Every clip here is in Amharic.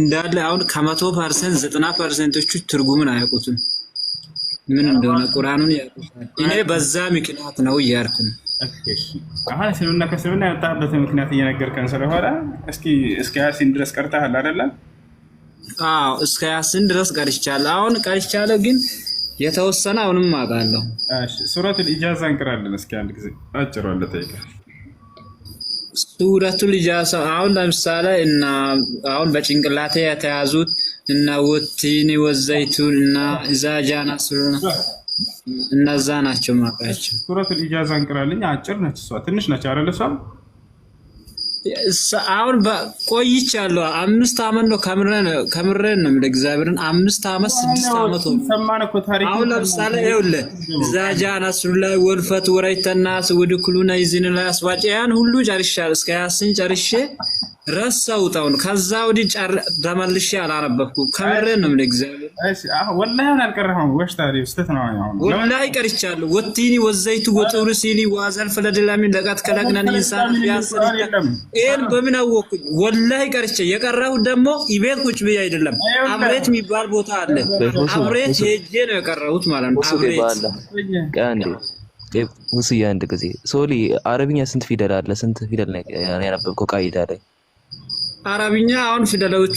እንዳለ አሁን ከመቶ ፐርሰንት ዘጠና ፐርሰንቶቹ ትርጉምን አያውቁትም። ምን እንደሆነ ቁርአኑን ያውቁታል። እኔ በዛ ምክንያት ነው እያልኩ አሁን እስልምና ከእስልምና ያወጣበት ምክንያት እየነገርከን ስለሆነ እስኪ እስከ ያሲን ድረስ ቀርተሃል አይደለም? አዎ እስከ ያሲን ድረስ ቀርቻለሁ። አሁን ቀርቻለሁ ግን የተወሰነ አሁንም አውቃለሁ። ሱረቱል ኢጃዛ እንቅራለን። እስኪ አንድ ጊዜ አጭሯለ ጠይቀ ሱረቱ ኢጃሳ አሁን ለምሳሌ እና አሁን በጭንቅላቴ የተያዙት እና ወቲኒ ወዘይቱን እና ጃና ሱሩና እነዛ ናቸው ማቃቸው። ሱረቱ ኢጃዛ እንቅራልኝ አጭር ነች እሷ፣ ትንሽ ነች አይደል? እሷም አሁን ቆይቻለሁ። አምስት አመት ነው ከምረን ነው እንደ እግዚአብሔርን አምስት አመት ስድስት አመት ነው። አሁን ለምሳሌ ይኸውልህ እዛ ጃናስ ላይ ወልፈት ወራይተናስ ወድኩሉና ይዝን ላይ አስባጭ ያን ሁሉ ጨርሻለሁ። እስከ ያስን ጨርሼ ረሳሁት። አሁን ከዛ ወዲህ ጫር ተመልሼ አላነበብኩም። ከምሬን ነው የምልህ እግዚአብሔር። እሺ ወላሂ ወዘይቱ ወጥሩ ሲኒ ዋዘል ፈለደላሚ ለቀት ከለግነን ኢንሳን ቢያስር ይሄን በምን አወቅኩኝ? ወላሂ ቀርቼ የቀረሁት ደግሞ ኢቤት ቁጭ ብዬ አይደለም። አብሬት የሚባል ቦታ አለ። አብሬት ሄጄ ነው የቀረሁት ማለት ነው። አብሬት ቀንዴ ውስዬ አንድ ጊዜ ሶሊ አረብኛ ስንት ፊደል አለ? ስንት ፊደል ነው ያነበብከው? ቃይዳ ላይ አረብኛ አሁን ፊደሎቹ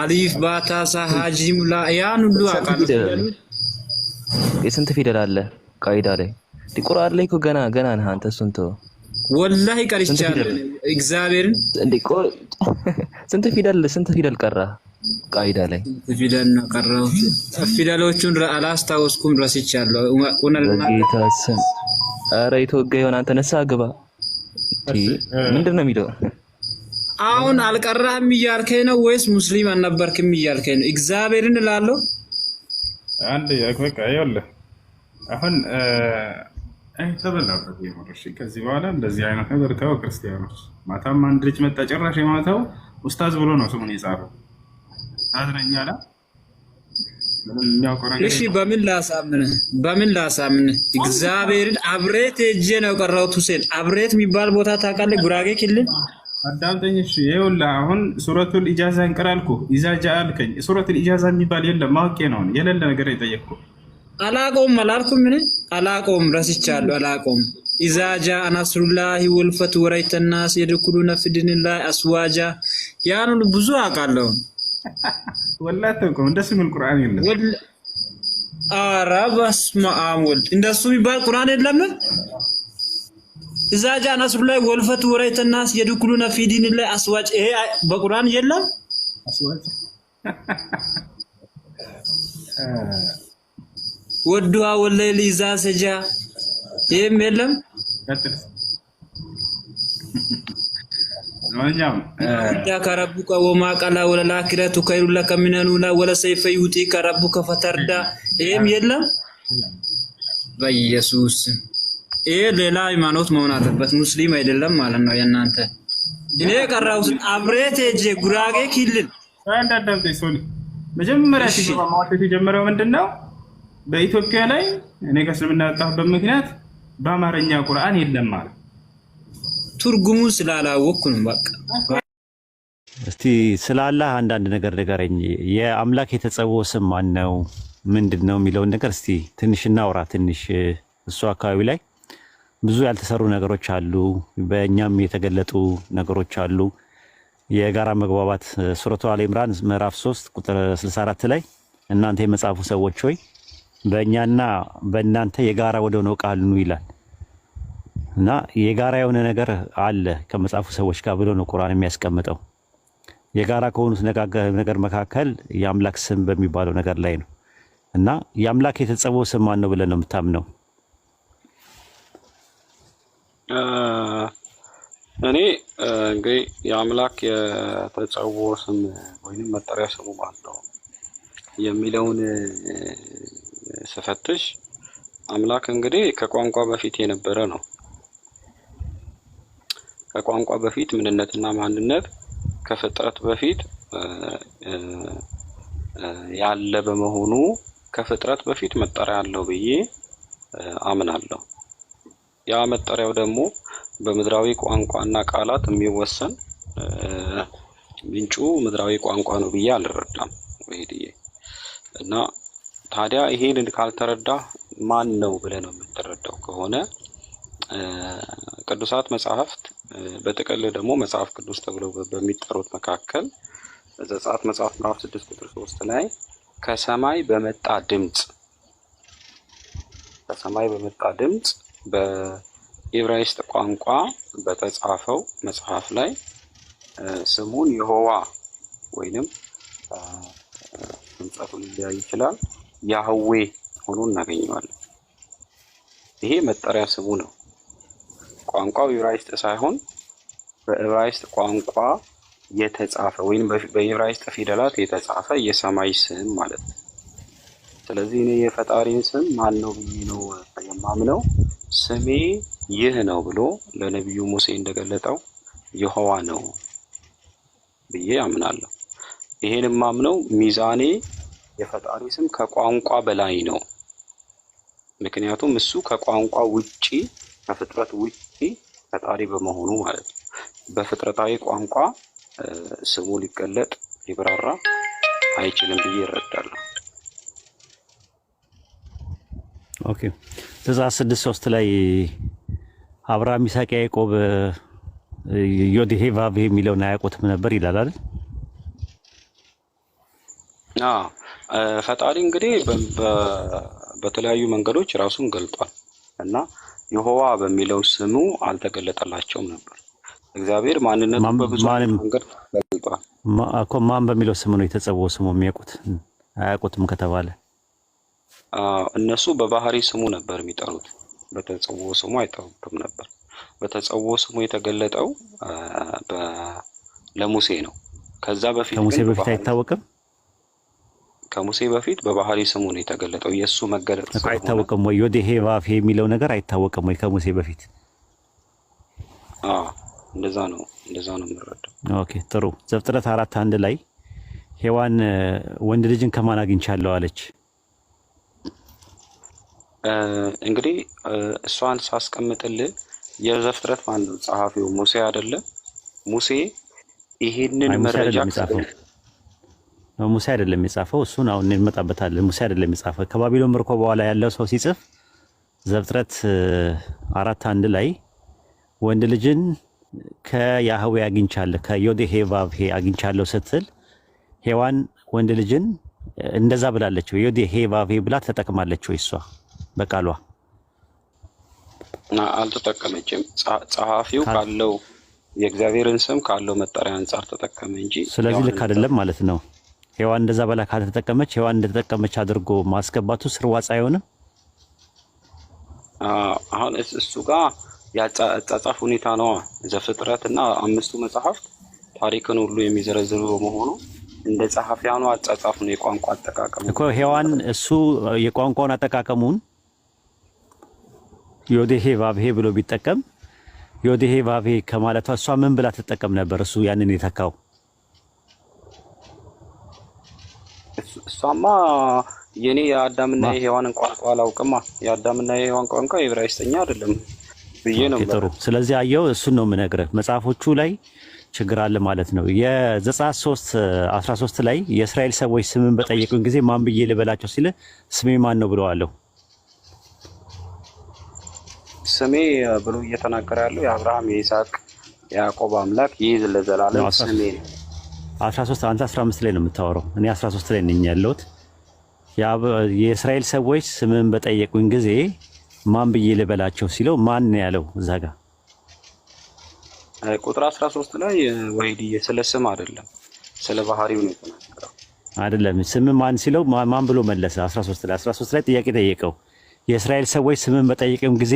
አሊፍ ባታሳ ሀጂም ላ ሁሉ አውቃለሁ። የስንት ፊደል አለ ቃይዳ ላይ ቁርአን ላይ እኮ ገና ገና ነህ አንተ። እሱን ተወው፣ ወላሂ ቀርቻለሁ። እግዚአብሔርን ስንት ፊደል ስንት ፊደል ቀራ ቃይዳ ላይ ፊደል ነው ቀራሁት። ፊደሎቹን አላስታወስኩም፣ ረስቻለሁ። ኧረ የተወጋ የሆነ አንተ ነሳ ግባ ምንድን ነው የሚለው አሁን አልቀራህም እያልከኝ ነው ወይስ ሙስሊም አልነበርክም እያልከኝ ነው? እግዚአብሔርን እላለሁ። አንድ በቃ ይኸውልህ፣ አሁን ተበላበት የምር። ከዚህ በኋላ እንደዚህ አይነት ነገር ተው። ክርስቲያኖች ማታም አንድ ልጅ መጣ። ጭራሽ የማታው ኡስታዝ ብሎ ነው ስሙን የጻፈው። ኡስታዝ እሺ በምን ላሳምን በምን ላሳምን? እግዚአብሔርን አብሬት ሄጄ ነው የቀረሁት። ሁሴን አብሬት የሚባል ቦታ ታውቃለህ? ጉራጌ ክልል አዳምጠኝ እሺ። ይኸውልህ አሁን ሱረቱል ኢጃዛ እንቀራልኩ ኢዛ ጃአ አልከኝ። ሱረቱል ኢጃዛ የሚባል የለም ማወቄ ነው የሌለ ነገር የጠየቅኩ አላቆም አላልኩም። ምን አላቆም ረስቻለሁ። አላቆም ኢዛ ጃአ ናስሩላሂ ወልፈት ወራይተ ናስ የድኩሉነ አስዋጃ ያን ብዙ አውቃለሁ። ወላሂ ተቆም እንደሱ ምን ቁርአን የለም። ኧረ በስመ አብ ወልድ እንደሱ የሚባል ቁርአን የለም። እዛ ጋ ነስሩ ላይ ወልፈት ወረይተናስ የድኩሉነ ፊዲን ላይ አስዋጭ ይሄ በቁርአን የለም። ወዱሃ ወለይል ኢዛ ሰጃ ይሄም የለም። ዳከ ረቡከ ወማ ቀላ ወለልአኺረቱ ኸይሩን ለከ ሚነል ፈተርዳ የለም። በኢየሱስ ይሄ ሌላ ሃይማኖት መሆን አለበት። ሙስሊም አይደለም ማለት ነው የእናንተ። እኔ የቀረሁት አብሬት ሄጄ ጉራጌ ክልል እንዳዳምጠ ሶኒ መጀመሪያ ሲገባ ማዋተት የጀመረው ምንድን ነው? በኢትዮጵያ ላይ እኔ ከእስልምና ወጣሁበት ምክንያት በአማርኛ ቁርአን የለም ማለት ትርጉሙ ስላላወቅኩ ነው። በቃ እስቲ ስለ አላህ አንዳንድ ነገር ንገረኝ። የአምላክ የተጸውዖ ስም ማን ነው? ምንድን ነው የሚለውን ነገር እስቲ ትንሽ እናውራ። ትንሽ እሱ አካባቢ ላይ ብዙ ያልተሰሩ ነገሮች አሉ። በእኛም የተገለጡ ነገሮች አሉ። የጋራ መግባባት ሱረቱ አል ኢምራን ምዕራፍ 3 ቁጥር 64 ላይ እናንተ የመጽሐፉ ሰዎች ሆይ በእኛና በእናንተ የጋራ ወደ ሆነው ቃል ኑ ይላል እና የጋራ የሆነ ነገር አለ ከመጽሐፉ ሰዎች ጋር ብሎ ነው ቁርአን የሚያስቀምጠው። የጋራ ከሆኑት ነገር መካከል የአምላክ ስም በሚባለው ነገር ላይ ነው እና የአምላክ የተጸበው ስም ማን ነው ብለን ነው የምታምነው እኔ እንግዲህ የአምላክ የተጸውዖ ስም ወይም መጠሪያ ስሙ ማን ነው የሚለውን ስፈትሽ አምላክ እንግዲህ ከቋንቋ በፊት የነበረ ነው። ከቋንቋ በፊት ምንነትና ማንነት ከፍጥረት በፊት ያለ በመሆኑ ከፍጥረት በፊት መጠሪያ አለው ብዬ አምናለሁ። ያ መጠሪያው ደግሞ በምድራዊ ቋንቋና ቃላት የሚወሰን ምንጩ ምድራዊ ቋንቋ ነው ብዬ አልረዳም ወይድዬ እና ታዲያ ይሄን ካልተረዳ ማን ነው ብለህ ነው የምትረዳው ከሆነ ቅዱሳት መጽሐፍት በጥቅል ደግሞ መጽሐፍ ቅዱስ ተብለው በሚጠሩት መካከል ዘጸአት መጽሐፍ ምዕራፍ ስድስት ቁጥር ሶስት ላይ ከሰማይ በመጣ ድምፅ ከሰማይ በመጣ ድምፅ በኢብራይስጥ ቋንቋ በተጻፈው መጽሐፍ ላይ ስሙን የሆዋ ወይንም መምጣቱ ሊለያይ ይችላል ያህዌ ሆኖ እናገኘዋለን። ይሄ መጠሪያ ስሙ ነው። ቋንቋው ኢብራይስጥ ሳይሆን በኢብራይስጥ ቋንቋ የተጻፈ ወይም በኢብራይስጥ ፊደላት የተጻፈ የሰማይ ስም ማለት ነው። ስለዚህ እኔ የፈጣሪን ስም ማን ነው ብዬ ነው የማምነው? ስሜ ይህ ነው ብሎ ለነቢዩ ሙሴ እንደገለጠው የሆዋ ነው ብዬ አምናለሁ። ይሄንም አምነው ሚዛኔ የፈጣሪ ስም ከቋንቋ በላይ ነው። ምክንያቱም እሱ ከቋንቋ ውጪ ከፍጥረት ውጪ ፈጣሪ በመሆኑ ማለት ነው። በፍጥረታዊ ቋንቋ ስሙ ሊገለጥ ሊብራራ አይችልም ብዬ ይረዳል። ኦኬ ትእዛዝ ስድስት ሶስት ላይ አብርሃም ይስሐቅ፣ ያዕቆብ ዮዴሄ ቫቭ የሚለውን አያውቁትም ነበር ይላል አይደል? አዎ ፈጣሪ እንግዲህ በተለያዩ መንገዶች ራሱን ገልጧል እና ይሆዋ በሚለው ስሙ አልተገለጠላቸውም ነበር። እግዚአብሔር ማንነቱ በብዙ መንገድ ገልጧል እኮ። ማን በሚለው ስሙ ነው የተጸውዖ ስሙ የሚያውቁት አያውቁትም ከተባለ እነሱ በባህሪ ስሙ ነበር የሚጠሩት፣ በተጸውዖ ስሙ አይጠሩትም ነበር። በተጸውዖ ስሙ የተገለጠው ለሙሴ ነው። ከዛ በፊት ከሙሴ በፊት አይታወቅም። ከሙሴ በፊት በባህሪ ስሙ ነው የተገለጠው። የእሱ መገለጥ አይታወቅም ወይ? ዮዴሄ ባፌ የሚለው ነገር አይታወቅም ወይ? ከሙሴ በፊት እንደዛ ነው እንደዛ ነው የምንረዳው። ኦኬ ጥሩ። ዘፍጥረት አራት አንድ ላይ ሔዋን ወንድ ልጅን ከማን አግኝቻለሁ አለች። እንግዲህ እሷን ሳስቀምጥልህ የዘፍጥረት ማን ነው ጸሐፊው? ሙሴ አይደለ? ሙሴ ይህንን መረጃ ሙሴ አይደለም የጻፈው። እሱን አሁን እንመጣበታለን። ሙሴ አይደለም የጻፈው። ከባቢሎን ምርኮ በኋላ ያለው ሰው ሲጽፍ ዘፍጥረት አራት አንድ ላይ ወንድ ልጅን ከያህዌ አግኝቻለሁ ከዮዴ ቫብሄ አግኝቻለሁ ስትል ሔዋን ወንድ ልጅን እንደዛ ብላለችው። ዮዴ ቫብሄ ብላ ተጠቅማለችው እሷ በቃሏ አልተጠቀመችም። ጸሐፊው ካለው የእግዚአብሔርን ስም ካለው መጠሪያ አንጻር ተጠቀመ እንጂ ስለዚህ ልክ አይደለም ማለት ነው። ሔዋን እንደዛ በላ ካልተጠቀመች ሔዋን እንደተጠቀመች አድርጎ ማስገባቱ ስርዋጽ አይሆንም። አሁን እሱ ጋር ያጻጻፍ ሁኔታ ነዋ። ዘፍጥረት እና አምስቱ መጽሐፍት ታሪክን ሁሉ የሚዘረዝሩ በመሆኑ እንደ ጸሐፊያኑ አጻጻፍ ነው የቋንቋ አጠቃቀሙ እኮ ሔዋን እሱ የቋንቋውን አጠቃቀሙን ዮዴሄ ቫብሄ ብሎ ቢጠቀም ዮዴሄ ቫብሄ ከማለቷ እሷ ምን ብላ ትጠቀም ነበር? እሱ ያንን የተካው እሷማ የኔ የአዳምና የሔዋንን ቋንቋ አላውቅማ። የአዳምና የሔዋን ቋንቋ የዕብራይስጥኛ አይደለም ብዬ ነው። ጥሩ። ስለዚህ አየው፣ እሱን ነው የምነግርህ። መጽሐፎቹ ላይ ችግር አለ ማለት ነው። የዘጸአት 3 13 ላይ የእስራኤል ሰዎች ስምን በጠየቁን ጊዜ ማን ብዬ ልበላቸው ሲል ስሜ ማን ነው ብለዋለሁ። ስሜ ብሎ እየተናገረ ያለው የአብርሃም የይስሐቅ የያዕቆብ አምላክ ይህ ለዘላለም ስሜ ነው። አንተ 15 ላይ ነው የምታወራው፣ እኔ 13 ላይ ነኝ ያለሁት። የእስራኤል ሰዎች ስምን በጠየቁኝ ጊዜ ማን ብዬ ልበላቸው ሲለው ማን ነው ያለው? እዛ ጋ ቁጥር 13 ላይ ወይድዬ ስለ ስም አይደለም ስለ ባህሪው ነው የተናገረው። አይደለም ስም ማን ሲለው ማን ብሎ መለሰ? 13 ላይ 13 ላይ ጥያቄ ጠየቀው። የእስራኤል ሰዎች ስምን በጠየቅም ጊዜ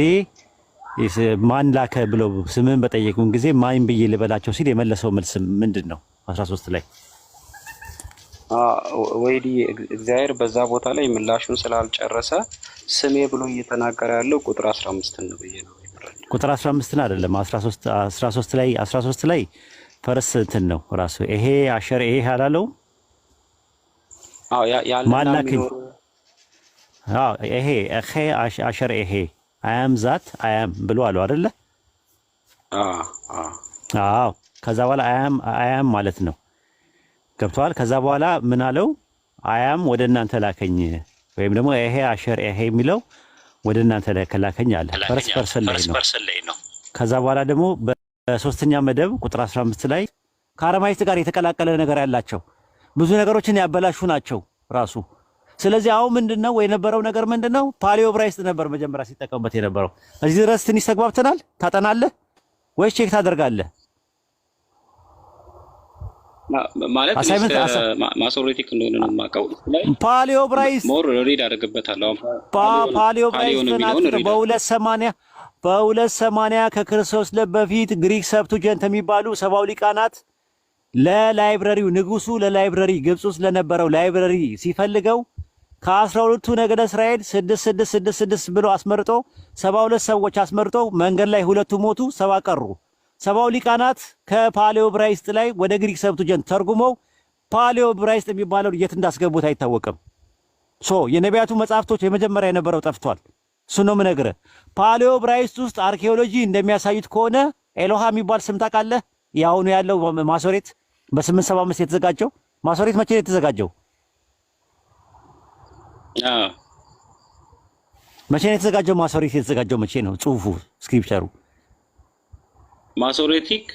ማን ላከ ብለው ስምህን በጠየቁን ጊዜ ማይን ብዬ ልበላቸው ሲል የመለሰው መልስ ምንድን ነው? 13 ላይ ወይዲ እግዚአብሔር በዛ ቦታ ላይ ምላሹን ስላልጨረሰ ስሜ ብሎ እየተናገረ ያለው ቁጥር 15 ነው ብዬ ነው። ቁጥር 15 አይደለም 13 ላይ 13 ላይ ፈረስ እንትን ነው ራሱ ይሄ አሸር ይሄ ያላለው አዎ ያለ ማን ላከኝ? አዎ ይሄ አሸር ይሄ አያም ዛት አያም ብሎ አለው አይደለ? አዎ። ከዛ በኋላ አያም አያም ማለት ነው። ገብተዋል። ከዛ በኋላ ምን አለው? አያም ወደ እናንተ ላከኝ ወይም ደግሞ ይሄ አሸር ይሄ የሚለው ወደ እናንተ ላከኝ አለ። ፈርስ ፐርሰን ነው። ከዛ በኋላ ደግሞ በሶስተኛ መደብ ቁጥር 15 ላይ ከአረማይስጥ ጋር የተቀላቀለ ነገር ያላቸው ብዙ ነገሮችን ያበላሹ ናቸው ራሱ ስለዚህ አሁን ምንድነው የነበረው ነገር ምንድነው? ፓሊዮ ብራይስጥ ነበር መጀመሪያ ሲጠቀሙበት የነበረው። እዚህ ድረስ ትንሽ ተግባብተናል። ታጠናለህ ወይስ ቼክ ታደርጋለህ? ማለት ማሶሬቲክ እንደሆነ ነው የማውቀው። ፓሊዮ ብራይስ ሞር ሪድ አደርግበታለሁ። ፓሊዮ ብራይስ በሁለት ሰማንያ በሁለት ሰማንያ ከክርስቶስ በፊት ግሪክ ሰብቱጀንት የሚባሉ ሰባው ሊቃናት ለላይብረሪው ንጉሱ ለላይብረሪ ግብጽ ውስጥ ለነበረው ላይብረሪ ሲፈልገው ከአስራ ሁለቱ ነገደ እስራኤል ስድስት ስድስት ስድስት ስድስት ብሎ አስመርጦ ሰባ ሁለት ሰዎች አስመርጦ መንገድ ላይ ሁለቱ ሞቱ፣ ሰባ ቀሩ። ሰባው ሊቃናት ከፓሌዮ ብራይስጥ ላይ ወደ ግሪክ ሰብቱ ጀንት ተርጉመው ፓሌዮ ብራይስጥ የሚባለው የት እንዳስገቡት አይታወቅም። ሶ የነቢያቱ መጽሐፍቶች የመጀመሪያ የነበረው ጠፍቷል። እሱ ነው ምነግረ ፓሌዮ ብራይስጥ ውስጥ አርኪኦሎጂ እንደሚያሳዩት ከሆነ ኤሎሃ የሚባል ስም ታውቃለህ? የአሁኑ ያለው ማሶሬት በስምንት ሰባ አምስት የተዘጋጀው ማሶሬት መቼ ነው የተዘጋጀው? መቼ ነው የተዘጋጀው? ማሶሬት የተዘጋጀው መቼ ነው? ጽሁፉ ስክሪፕቸሩ ማሶሬቲክ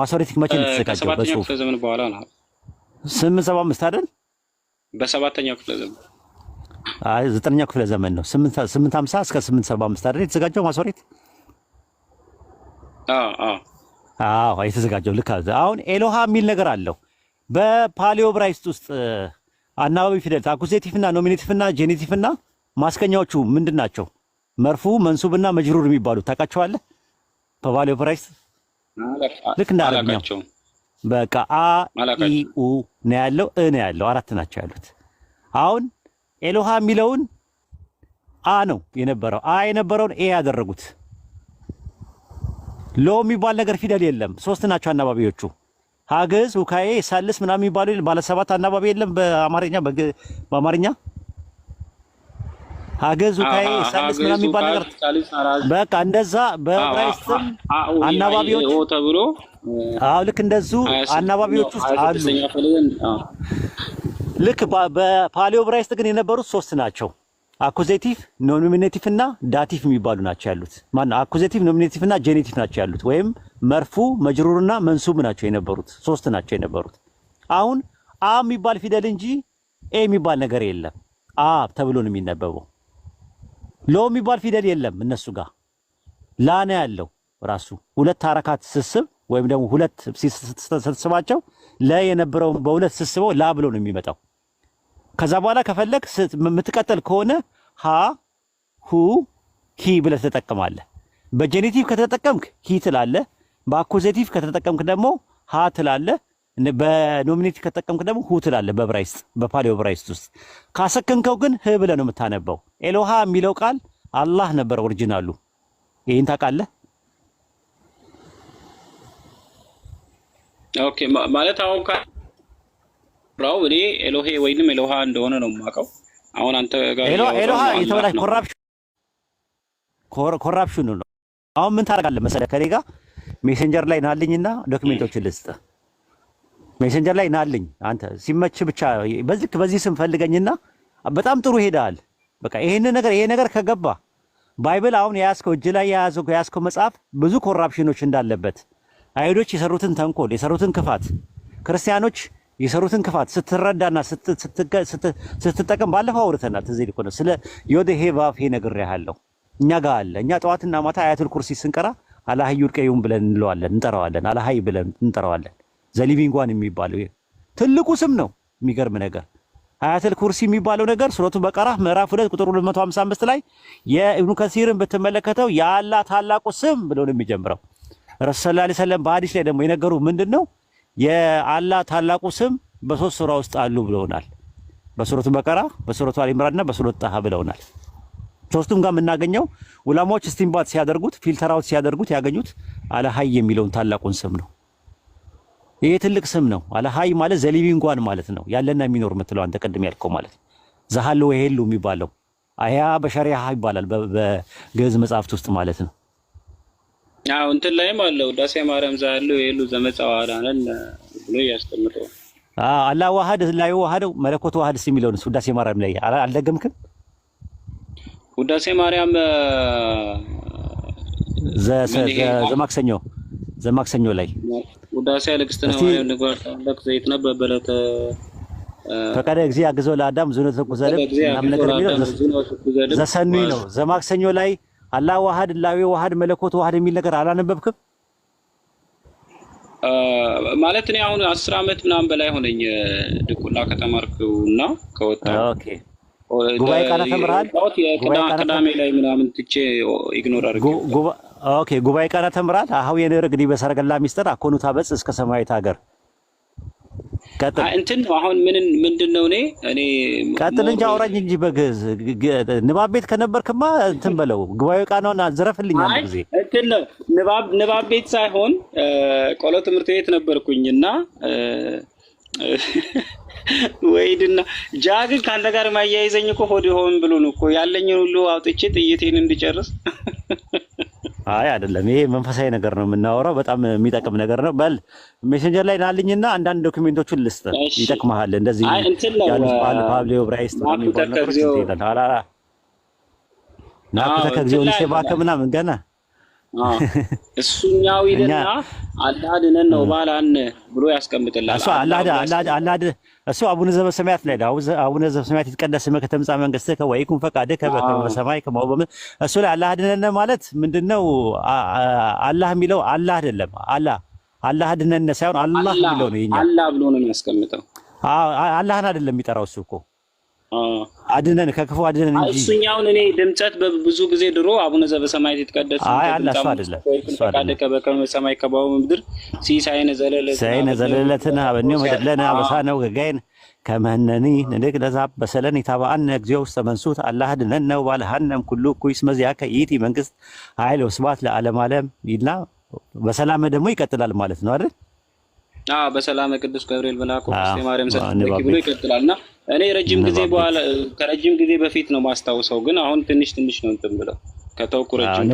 ማሶሬቲክ መቼ ነው የተዘጋጀው? በሰባተኛው ክፍለ ዘመን በኋላ ነው። ስምንት ሰባ አምስት አይደል? በሰባተኛው ክፍለ ዘመን አይ ዘጠነኛው ክፍለ ዘመን ነው። ስምንት ሀምሳ እስከ ስምንት ሰባ አምስት አይደል የተዘጋጀው ማሶሬት? አዎ የተዘጋጀው ልክ። አሁን ኤሎሃ የሚል ነገር አለው በፓሊዮብራይስት ውስጥ አናባቢ ፊደል አኩሴቲቭና ኖሚኔቲቭና ጄኔቲቭና ማስከኛዎቹ ምንድን ናቸው? መርፉ መንሱብና መጅሩር የሚባሉ ታውቃቸዋለህ? በቫሌ ኦፕራይስ ልክ እንደ አረብኛው በቃ አ ኢኡ ነው ያለው እ ነው ያለው አራት ናቸው ያሉት። አሁን ኤሎሃ የሚለውን አ ነው የነበረው አ የነበረውን ኤ ያደረጉት። ሎ የሚባል ነገር ፊደል የለም። ሶስት ናቸው አናባቢዎቹ ሀገዝ ውካዬ ሳልስ ምናምን የሚባሉ ባለሰባት አናባቢ የለም በአማርኛ በአማርኛ ሀገዝ ውካዬ ሳልስ ምናምን የሚባል ነገር በቃ እንደዛ በዕብራይስጥም አናባቢዎች ተብሎ አዎ ልክ እንደዙ አናባቢዎች ውስጥ አሉ። ልክ በፓሊዮ ዕብራይስጥ ግን የነበሩት ሶስት ናቸው። አኩዜቲቭ ኖሚኔቲቭ እና ዳቲቭ የሚባሉ ናቸው ያሉት። ማነው አኩዜቲቭ ኖሚኔቲቭ እና ጄኔቲቭ ናቸው ያሉት፣ ወይም መርፉ መጅሩርና መንሱብ ናቸው የነበሩት። ሶስት ናቸው የነበሩት። አሁን አ የሚባል ፊደል እንጂ ኤ የሚባል ነገር የለም። አ ተብሎ ነው የሚነበበው። ሎ የሚባል ፊደል የለም እነሱ ጋር ላነ ያለው ራሱ ሁለት አረካት ስስብ ወይም ደግሞ ሁለት ስስባቸው ለ የነበረውን በሁለት ስስበው ላ ብሎ ነው የሚመጣው። ከዛ በኋላ ከፈለግ የምትቀጠል ከሆነ ሀ ሁ ሂ ብለህ ትጠቀማለህ። በጀኔቲቭ ከተጠቀምክ ሂ ትላለህ። በአኩዜቲቭ ከተጠቀምክ ደግሞ ሀ ትላለህ። በኖሚኔቲቭ ከተጠቀምክ ደግሞ ሁ ትላለህ። በብራይስ በፓሊዮ ብራይስጥ ውስጥ ካሰክንከው ግን ህ ብለህ ነው የምታነበው። ኤሎሃ የሚለው ቃል አላህ ነበር ኦሪጂናሉ። ይህን ታውቃለህ? ኦኬ ማለት አሁን ብራው እኔ ኤሎሄ ወይንም ኤሎሃ እንደሆነ ነው የማውቀው። አሁን አንተ ጋር ኤሎሃ የተበላሽ ኮራፕሽኑ ነው። አሁን ምን ታደርጋለህ መሰለህ? ከኔ ጋር ሜሴንጀር ላይ ናልኝና ዶክሜንቶችን ልስጥ። ሜሴንጀር ላይ ናልኝ አንተ ሲመች ብቻ በዚህ በዚህ ስም ፈልገኝና በጣም ጥሩ ሄደሃል። በቃ ይሄን ነገር ይሄ ነገር ከገባ ባይብል አሁን የያዝከው እጅ ላይ የያዝከው የያዝከው መጽሐፍ ብዙ ኮራፕሽኖች እንዳለበት አይሁዶች የሰሩትን ተንኮል የሰሩትን ክፋት ክርስቲያኖች የሰሩትን ክፋት ስትረዳና ስትጠቀም ባለፈው አውርተናል። ትዝ ይልህ ነው። ስለ ዮዴሄ ባፌ ነግሬሃለሁ። እኛ ጋር አለ። እኛ ጠዋትና ማታ አያቱል ኩርሲ ስንቀራ አላህዩል ውድቀዩም ብለን እንለዋለን፣ እንጠራዋለን። አላህይ ብለን እንጠራዋለን። ዘሊቪንጓን የሚባለው ትልቁ ስም ነው። የሚገርም ነገር አያተል ኩርሲ የሚባለው ነገር ሱረቱ በቀራ ምዕራፍ ሁለት ቁጥር 255 ላይ የኢብኑ ከሲርን ብትመለከተው የአላ ታላቁ ስም ብሎ ነው የሚጀምረው። ረሱ ሰለላሁ ዐለይሂ ወሰለም በሐዲስ ላይ ደግሞ የነገሩ ምንድን ነው የአላህ ታላቁ ስም በሶስት ሱራ ውስጥ አሉ ብለውናል። በሱረቱ በቀራ፣ በሱረቱ እና በሱረቱ ጣሃ ብለውናል። ሶስቱም ጋር የምናገኘው ውላማዎች እስቲንባት ሲያደርጉት ፊልተራውት ሲያደርጉት ያገኙት አለሀይ የሚለውን ታላቁን ስም ነው። ይሄ ትልቅ ስም ነው። አለሀይ ማለት እንኳን ማለት ነው፣ ያለና የሚኖር የምትለው አንተ ቅድም ያልከው ማለት ነው። ዛሃለ ወሄሉ የሚባለው አያ በሸሪያ ይባላል በግዕዝ መጽሐፍት ውስጥ ማለት ነው። አዎ እንትን ላይም አለ ውዳሴ ማርያም ዛሉ የሉ ዘመጻዋራነን ብሎ ያስቀምጠው። አላ አላህ ላይ ዋህደው መለኮት ዋህድ የሚለውን ውዳሴ ማርያም ላይ አልደገምክም? ውዳሴ ማርያም ዘማክሰኞ ዘማክሰኞ ላይ ውዳሴ አለክስተና ማርያም ንጓታ ለክ ዘይት ነበር በለተ ፈቃደ እግዚአብሔር አግዘው ለአዳም ዙነተ ቁዘለም ምናምን ነገር የሚለው ዘሰኑኝ ነው ዘማክሰኞ ላይ አላ ዋህድ ላዊ ዋህድ መለኮት ዋህድ የሚል ነገር አላነበብክም? ማለት እኔ አሁን አስር ዓመት ምናምን በላይ ሆነኝ ድቁና ከተማርኩና ከወጣሁ። ኦኬ ጉባኤ ቃና ተምርሃል? ቅዳሜ ላይ ምናምን ትቼ ኢግኖር አድርጌ። ኦኬ ጉባኤ ቃና ተምራል አሁን የንር እንግዲህ በሰርገላ ሚስጥር አኮኑ ታበጽ እስከ ሰማያዊት ሀገር እንትን ነው አሁን ምን ምንድን ነው እኔ እኔ ቀጥል እንጂ አውራኝ እንጂ በግዕዝ ንባብ ቤት ከነበርክማ እንትን በለው ግባዊ ቃናውን ዘረፍልኝ። አንድ ጊዜ እንትን ነው ንባብ ንባብ ቤት ሳይሆን ቆሎ ትምህርት ቤት ነበርኩኝ እና ወይድና ጃ ግን ከአንተ ጋር ማያይዘኝ እኮ ሆድ ሆን ብሎ እኮ ያለኝን ሁሉ አውጥቼ ጥይቴን እንድጨርስ አይ አይደለም፣ ይሄ መንፈሳዊ ነገር ነው የምናወራው። በጣም የሚጠቅም ነገር ነው። በል ሜሴንጀር ላይ ናልኝና አንዳንድ ዶክሜንቶቹን ልስጥ፣ ይጠቅመሃል። እንደዚህ ያሉት ፓብሎ ብራይስ ናኩተከ ጊዜው ሊሴባከ ምናምን ገና እሱኛው ይልና አላድነን ነው ባላን ብሎ ያስቀምጥላል። አላድ አላድ አላድ እሱ አቡነ ዘበሰማያት ላይ ነው። አቡነ ዘበሰማያት ይትቀደስ ስምከ ትምጻእ መንግሥትከ ወይኩን ፈቃድከ በከመ በሰማይ ከማሁ በምድር። እሱ ላይ አላህ አድነነ ማለት ምንድነው? አላህ የሚለው አላህ አይደለም። አላህ አላህ አድነነ ሳይሆን አላህ የሚለው ነው። ይኛ አላህ ብሎ ነው የሚያስቀምጠው። አላህን አይደለም የሚጠራው እሱ እኮ አድነን ከክፉ አድነን እንጂ እሱኛውን እኔ ድምጸት በብዙ ጊዜ ድሮ አቡነ ዘበሰማያት ይትቀደስ አይ አላ እሱ አይደለም እሱ አይደለም ከበከመ ሰማይ ከባው ምድር ሲሳይነ ዘለለ ሳይነ ዘለለተና በእኔ መደለና በሳነው ገጋይን ከመነኒ ንድቅ ለዛ በሰለን ይታባአን እግዚኦ ውስጥ ተመንሱት አላህ ድነን ነው ባልሃነም ኩሉ ኩይስ መዚያ ከይእቲ መንግስት ኃይል ወስባት ለዓለም ዓለም ይላ በሰላም ደግሞ ይቀጥላል ማለት ነው አይደል በሰላም ቅዱስ ገብርኤል መልአኩ ማርያም ሰጠኝ ብሎ ይቀጥላል እና እኔ ረጅም ጊዜ በኋላ ከረጅም ጊዜ በፊት ነው ማስታውሰው፣ ግን አሁን ትንሽ ትንሽ ነው እንትን ብለው ከተውኩ ረጅም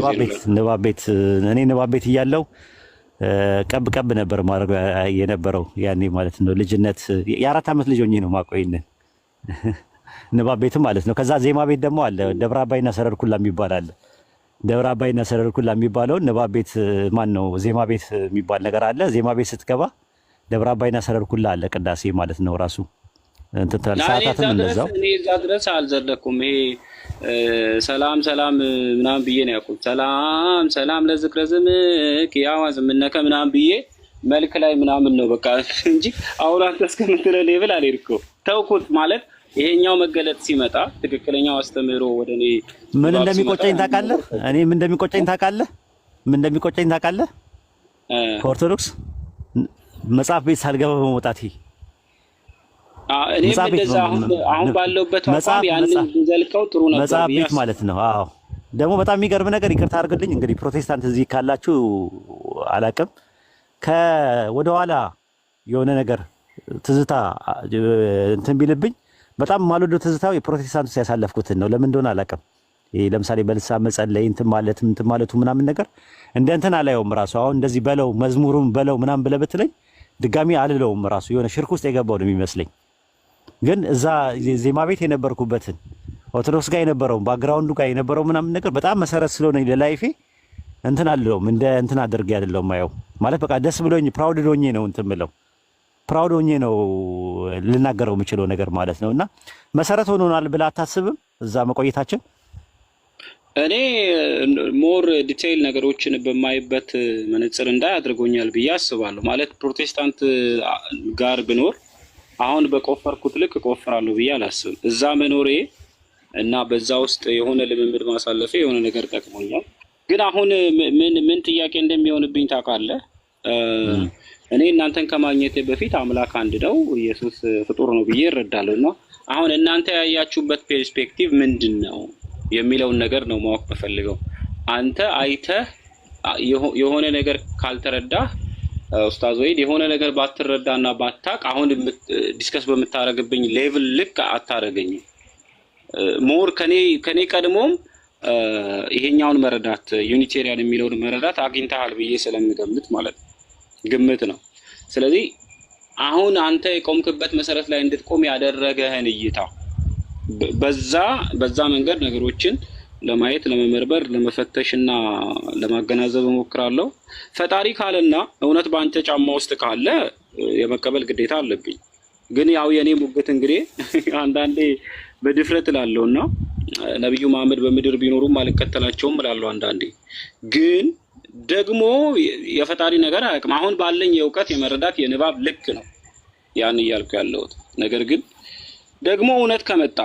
ንባብ ቤት እኔ ንባብ ቤት እያለው ቀብ ቀብ ነበር ማድረግ የነበረው ያኔ ማለት ነው። ልጅነት የአራት ዓመት ልጅ ሆኜ ነው ማቆይን ንባብ ቤትም ማለት ነው። ከዛ ዜማ ቤት ደግሞ አለ ደብረ አባይና ኩላ የሚባል አለ። ደብረ አባይና ኩላ የሚባለውን ንባብ ቤት ማን ነው ዜማ ቤት የሚባል ነገር አለ። ዜማ ቤት ስትገባ ደብረ አባይና ሰረርኩላ አለ ቅዳሴ ማለት ነው ራሱ ሰዓታትም እንደዛው እኔ እዛ ድረስ አልዘለኩም። ይሄ ሰላም ሰላም ምናም ብዬ ነው ያልኩት። ሰላም ሰላም ለዝክረ ዝምክ ያዋዝ ምነከ ምናም ብዬ መልክ ላይ ምናምን ነው በቃ እንጂ አሁን አንተ እስከምትለ ሌብል አልሄድኩ ተውኩት ማለት ይሄኛው መገለጥ ሲመጣ ትክክለኛው አስተምህሮ ወደ እኔ ምን እንደሚቆጨኝ ታውቃለህ? እኔ ምን እንደሚቆጨኝ ታውቃለህ? ምን እንደሚቆጨኝ ታውቃለህ? ከኦርቶዶክስ መጽሐፍ ቤት ሳልገባ በመውጣቴ መጽሐፍ ቤት ማለት ነው። አዎ ደግሞ በጣም የሚገርም ነገር ይቅርታ አድርግልኝ እንግዲህ ፕሮቴስታንት እዚህ ካላችሁ አላቅም። ከወደኋላ የሆነ ነገር ትዝታ እንትን ቢልብኝ በጣም ማልወደው ትዝታው የፕሮቴስታንቱ ያሳለፍኩትን ነው። ለምን እንደሆነ አላቅም። ይሄ ለምሳሌ በልሳ መጸለይ እንትን ማለት እንትን ማለቱ ምናምን ነገር እንደ እንትን አላየውም። ራሱ አሁን እንደዚህ በለው መዝሙሩም በለው ምናምን ብለህ ብትለኝ ድጋሚ አልለውም ራሱ የሆነ ሽርክ ውስጥ የገባው ነው የሚመስለኝ። ግን እዛ ዜማ ቤት የነበርኩበትን ኦርቶዶክስ ጋር የነበረውን ባክግራውንዱ ጋር የነበረው ምናምን ነገር በጣም መሰረት ስለሆነ ለላይፌ እንትን አልለውም እንደ እንትን አድርግ አይደለሁም አየው ማለት በቃ ደስ ብሎኝ ፕራውድ ሆኜ ነው እንትን ብለው ፕራውድ ሆኜ ነው ልናገረው የምችለው ነገር ማለት ነው። እና መሰረት ሆኖናል ብለህ አታስብም እዛ መቆየታችን? እኔ ሞር ዲቴይል ነገሮችን በማይበት መነጽር እንዳይ አድርጎኛል ብዬ አስባለሁ። ማለት ፕሮቴስታንት ጋር ብኖር አሁን በቆፈርኩት ልክ እቆፍራለሁ ብዬ አላስብም። እዛ መኖሬ እና በዛ ውስጥ የሆነ ልምምድ ማሳለፌ የሆነ ነገር ጠቅሞኛል። ግን አሁን ምን ምን ጥያቄ እንደሚሆንብኝ ታውቃለህ? እኔ እናንተን ከማግኘቴ በፊት አምላክ አንድ ነው፣ ኢየሱስ ፍጡር ነው ብዬ እረዳለሁ። እና አሁን እናንተ ያያችሁበት ፔርስፔክቲቭ ምንድን ነው? የሚለውን ነገር ነው ማወቅ የምፈልገው። አንተ አይተህ የሆነ ነገር ካልተረዳህ ኡስታዝ ወይድ የሆነ ነገር ባትረዳ እና ባታቅ አሁን ዲስከስ በምታደርግብኝ ሌቭል ልክ አታደርገኝም። ሞር ከኔ ቀድሞም ይሄኛውን መረዳት ዩኒቴሪያን የሚለውን መረዳት አግኝተሃል ብዬ ስለምገምት ማለት ነው፣ ግምት ነው። ስለዚህ አሁን አንተ የቆምክበት መሰረት ላይ እንድትቆም ያደረገህን እይታ በዛ በዛ መንገድ ነገሮችን ለማየት ለመመርበር፣ ለመፈተሽ እና ለማገናዘብ እሞክራለሁ። ፈጣሪ ካለና እውነት በአንተ ጫማ ውስጥ ካለ የመቀበል ግዴታ አለብኝ። ግን ያው የኔ ሙግት እንግዲህ አንዳንዴ በድፍረት እላለሁ እና ነቢዩ መሐመድ በምድር ቢኖሩም አልከተላቸውም እላለሁ። አንዳንዴ ግን ደግሞ የፈጣሪ ነገር አያውቅም። አሁን ባለኝ የእውቀት የመረዳት የንባብ ልክ ነው ያን እያልኩ ያለሁት ነገር ግን ደግሞ እውነት ከመጣ